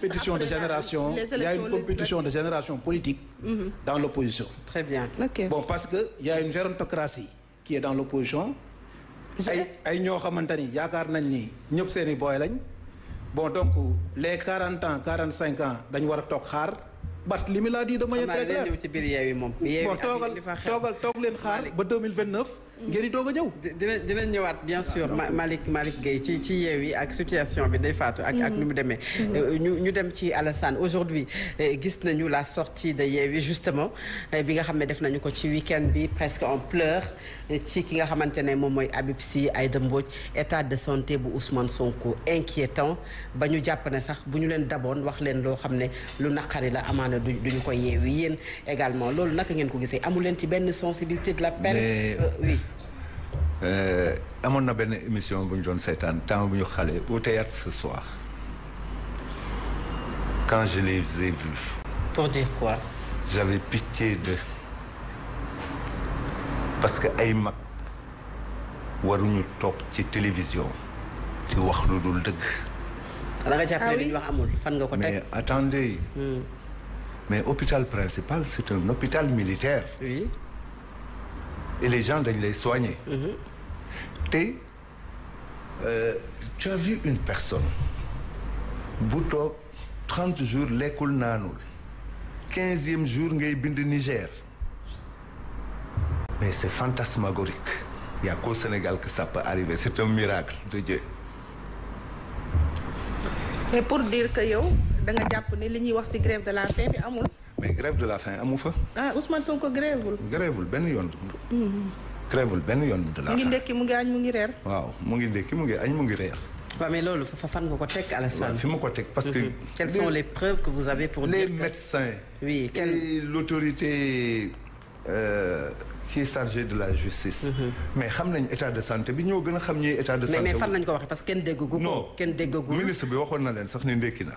de génération, il y a une compétition de génération politique mhm. dans l'opposition. Très bien. Bon, parce qu'il y a une gérontocratie qui est dans l'opposition. ay bon donc les 40 ans 45 ans ils war bat li mi laa di dama yëg rek bon toogal toogal toog leen xaar ba 2029 mm. ngeen di doog a ñëw dinañ dina ñëwaat bien ah, sûr Malick Malick Gueye ci ci yeew yi ak situation bi day faatu ak ak mm-hmm. nu mu demee mm-hmm. euh, ñu ñu dem ci Alassane aujourd'hui euh, gis nañu la sortie de yeew yi justement euh, bi nga xam ne def nañu ko ci week-end bi presque en pleurs ci ki nga xamante ne moom mooy Habib Sy Aïda Mbodj état de santé bu Ousmane Sonko inquiétant ba ñu jàpp ne sax bu ñu leen daboon wax leen loo xam ne lu naqari la amaana ne du ko yeewi yeen également lolou naka ngeen ko gisee amu leen ci ben sensibilité de la peine euh, euh, oui euh amoon na ben émission buñ ñu doon seetaan buñu xalé ñu xale au théâtre ce soir quand je les ai vus pour dire quoi j'avais pitié de parce que ay mag waruñu toog ci télévision ci wax lu dul dëgg. da nga jàpp ne ah ñu wax amul fan nga ko teg mais attendez. Mm. Mais l'hôpital principal, c'est un hôpital militaire. Oui. Et les gens doivent les soigner. Mhm. Euh, tu as vu une personne, 30 jours, l'école Nanoul, 15e jour, de Niger. Mais c'est fantasmagorique. Il n'y a qu'au Sénégal que ça peut arriver. C'est un miracle de Dieu. Et pour dire que da nga jàpp ne li ñuy wax ci grève de la faim bi amul. mais grève de la faim amu fa. ah Ousmane Sonko grévewul. grévewul benn yoon. Mhm. grévewul benn yoon de la faim. mu ngi ndekki mu ngi añ mu ngi reer. waaw mu ngi ndekki mu ngi añ mu ngi reer. waaw mais loolu fa fan nga ko teg Alassane. waaw fi ma ko teg parce que. Mhm. quelles sont les preuves que vous avez pour. dire les médecins. oui et l'autorité euh, qui est chargé de la justice. Mhm. mais xam nañ état de santé bi ñoo gën a xam ñi état de santé. mais mais fan lañ ko waxee parce que kenn déggagu ko. kenn déggagu ministre bi waxoon na leen sax ni ndekki na.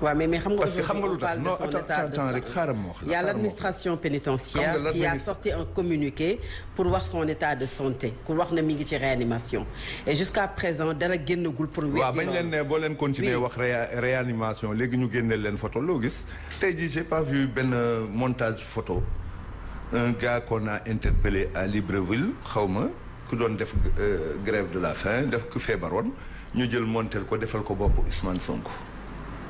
waaw mais mais xam nga parce que xam nga lu tax non attends attends rek xaaral ma wax la. il y a l'administration pénitentiaire qui a sorti un communiqué pour voir son état de santé pour wax na mi ngi ci réanimation et jusqu'à présent dara génnagul pour. wér waaw bañ leen ne boo leen continuer wax réanimation léegi ñu génneel leen photo loo gis tey jii j'ai pas vu benn euh, montage photo un gars qu'on a interpellé à Libreville xaw ma ku doon def euh, grève de la faim def ku feebaroon ñu jël montel ko defal ko bopp Isman Sonko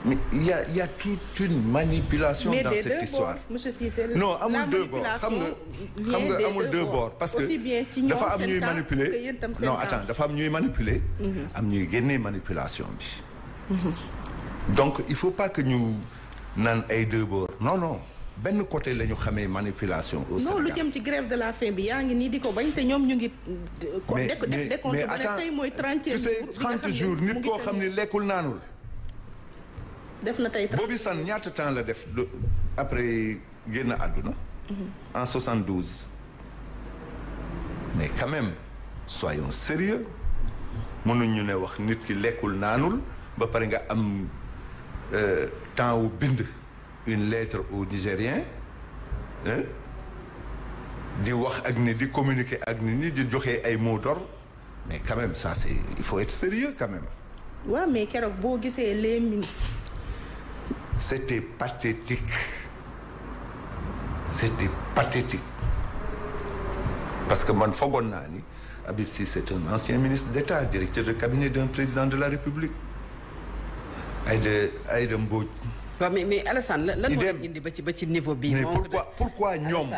mais il y a il y a toute une manipulation dans cette deux histoire bords, monsieur Cissé, non amul deux bords xam nga xam deux bords parce que dafa am ñuy manipuler non attends dafa am ñuy manipuler mhm. am ñuy génnee manipulation bi mhm. donc il faut pas que nous, naan ay deux bords non non nous côté la ñu xamee manipulation. au Sénégal non lu jëm ci grève de la faim bi a ngi nii di ko bañ te ñu ngi. mais mais attends tu sais 30 jours nit koo xam ne lekkul def na tey Bobby Sands ñaata temps la def après génn àdduna. Mhm. en 72. mais quand même soyons sérieux mënuñu ne wax nit ki lekkul naanul ba pare nga am euh, temps wu bind une lettre au Nigérien hein, di wax ak ni di communiquer ak nit ñi di ay mots mais quand même ça c'est il faut être sérieux quand même. Ouais, mais keroog boo gisee les c'était pathétique. C'était pathétique. Parce que mon Fogonani, Abib c'est un ancien ministre d'État, directeur de cabinet d'un président de la République. Aïde, Aïde Mbouj. mais, mais Alassane, niveau Mais pourquoi, pourquoi Nyom,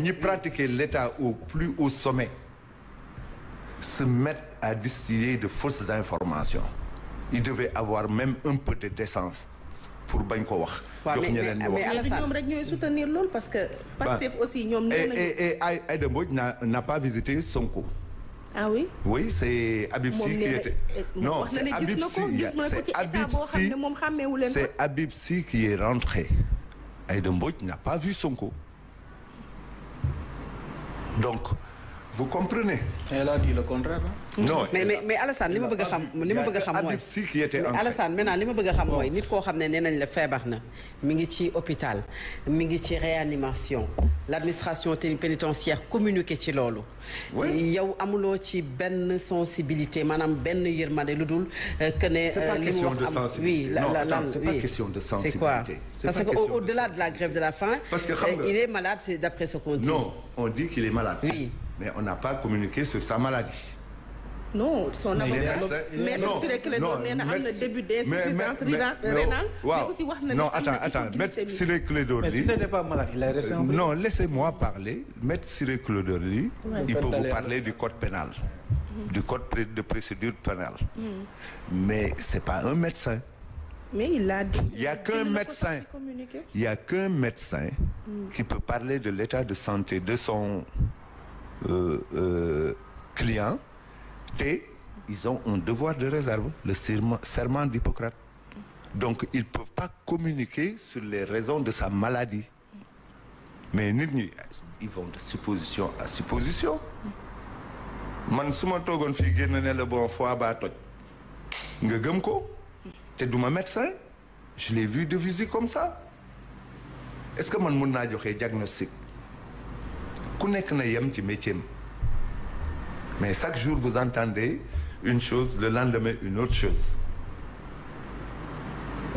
ni pratiquer l'État au plus haut sommet, se mettre à distiller de fausses informations Il devait avoir même un peu de décence pour bañ ko wax. jox ñeneen ñu wax mais ñom rek ñoy soutenir lool parce que. Bah, Pastef aussi ñom ñoo et et Aïda n'a pas visité Sonko. ah oui oui c'est Habib Sy qui était eh, non c'est Habib Sy c'est Habib Sy c'est Habib Sy qui est rentré Aïda Mbodj n'a pas vu Sonko donc vous comprenez elle a dit le contraire hein? non mais mais mais Alassane li ma bëgg a xam li ma bëgg xam mooy Alassane maintenant li ma bëgg a xam mooy nit koo xam ne la feebar na mi ngi ci hôpital mi ngi ci réanimation l'administration pénitentiaire communiqué ci loolu yow eu ci ben sensibilité Madame Ben yërmande connaît... dul euh, que ne c'est pas question de sensibilité non c'est pas question de sensibilité c'est quoi parce que au-delà de la grève de la faim parce que euh, il est malade c'est d'après ce qu'on dit non on dit qu'il est malade mais on n'a pas communiqué sur sa maladie non son avocat maître Cyril Clédor il na am na début d'insuffisance rénale mais aussi non attends attends malade. Il a non laissez-moi parler maître Cyril Clédor il peut vous parler du code pénal mm-hmm. du code de procédure pénale mm-hmm. mais ce n'est pas un médecin mais il a dit il n'y a qu'un médecin il n'y a qu'un médecin qui peut parler de l'état de santé de son euh, euh, client ils ont un devoir de réserve, le serment d'Hippocrate. Donc, ils ne peuvent pas communiquer sur les raisons de sa maladie. Mais ils vont de supposition à supposition. man suis ma toogoon fii génn le bon foie baa nga médecin je l'ai vu de visite comme ça est-ce que man mun naa joxe diagnostic ku na yam ci métier mais chaque jour, vous entendez une chose, le lendemain, une autre chose.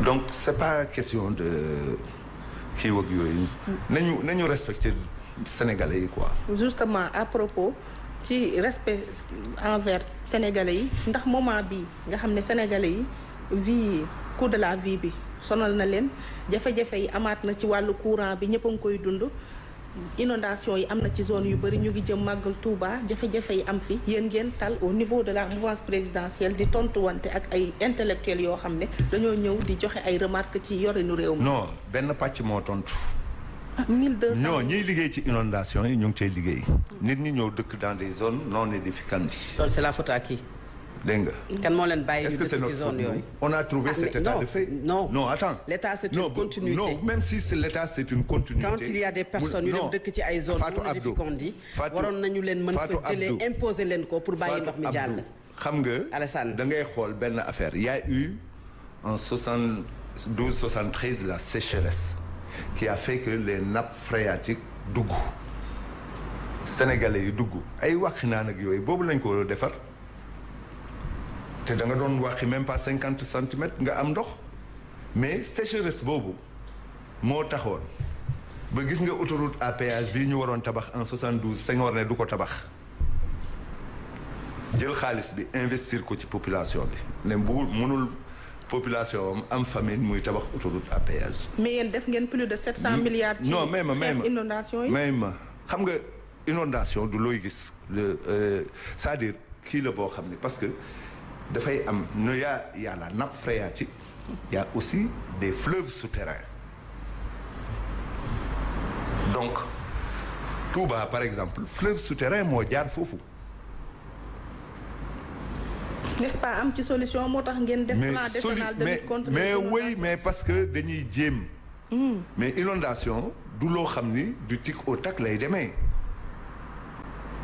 Donc, ce n'est pas question de... Qui Nous respecter les Sénégalais, quoi. Justement, à propos, du respect envers Sénégalais yi ndax moment bi nga xam Sénégalais yi vie cours de la vie bi sonal na le jafe-jafe yi amaat na courant bi inondation yi am na ci zone yu bëri ñu ngi jëm màggal Touba jafe-jafe yi am fi yéen ngeen tal au niveau de la mouvance présidentielle di tontuwante ak ay intellectuels yoo xam ne dañoo ñëw di joxe ay remarques ci yorinu réew mi. non benn pàcc moo tontu. ah 1200 non ñiy liggéey ci inondation yi ñu ngi cay liggéey. nit ñi ñëw dëkk dans des zones non aedificantes. loolu c'est la faute à qui? dégg est-ce que c'est notre faute on a trouvé ah, cet état non, de fait non non attends l'état c'est une continuité non même si l'état c'est une continuité quand il y a des personnes yu dem dëkk ci ay zones Fatou Abdou waroon nañu leen mën ko jëlee imposer ko pour bàyyi ndox mi jàll nga Alassane da ngay affaire il y a eu en 72 73 la sécheresse qui a fait que les nappes phréatiques dugg sénégalais yi dugg ay wax naan ak yooyu boobu lañ ko te da nga doon waxi même pas 50 cm nga am ndox mais sécheresse bobu mo taxone ba gis nga autoroute à péage bi ñu waroon tabax en 72 Senghor ne du ko tabax jël xaliss bi investir ko ci population bi né bu mënul population am am famine muy tabax autoroute à péage. mais yéen def ngeen plus de 700 milliards. ci non même même inondation yi même xam nga inondation du loy gis le euh, c'est-à-dire kii le bo xamni parce que dafay am il y a la nappe phréatique il y a aussi des fleuves souterrains donc Touba par exemple fleuve souterrain j'ai un foufou. n'est-ce pas am ci solution pour tax plan national de lutte contre mais oui mais parce que dañuy jéem. Hmm. mais inondation du loo du tic au tac lay demee.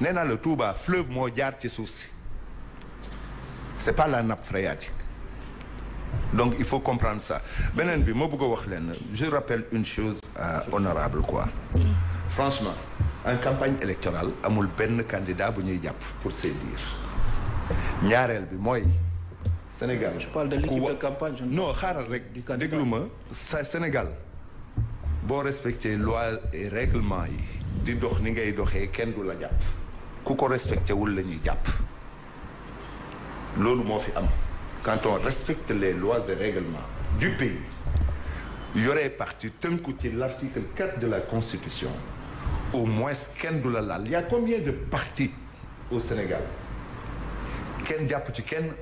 nena le Touba fleuve mo jaar ci suuf c'est pas la nappe phréatique donc il faut comprendre ça beneen bi mo bëgg wax leen je rappelle une chose euh, honorable quoi franchement en campagne électorale amul ben candidat bu ñuy japp pour se dire ñaarel bi moy Sénégal je parle de l'équipe de campagne non xaaral rek déglu ma Sénégal Bo respecter loi et règlement yi di dox ni ngay doxé kenn du la japp. Qu'on respecté wul japp lolu quand on respecte les lois et règlements du pays y aurait parti tënku ci l'article 4 de la constitution au moins ken dollars. Il y a combien de partis au Sénégal ken japp ci ken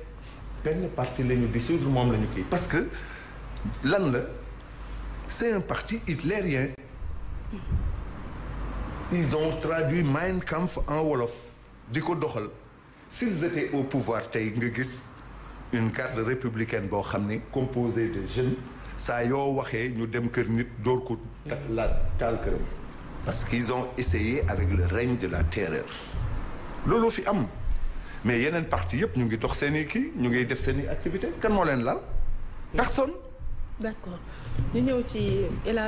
benn parti lañu dissoudre parce que lan la c'est un parti hitlérien ils ont traduit Mein Kampf en wolof Si ils s'ils étaient au pouvoir nga une carte républicaine composée de jeunes Ça nous parce qu'ils ont essayé avec le règne de la terreur loolu fi am mais il parti a ñu ngi qui seen été kii ñu ngi def activité personne d'accord Nous sommes ci El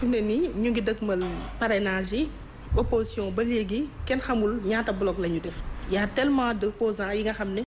fi ne nii ñu ngi dëkkmal parrainage yi opposition ba léegi kenn xamul ñaata bloc la ñu def yaa a tellement de posants yi nga xam ne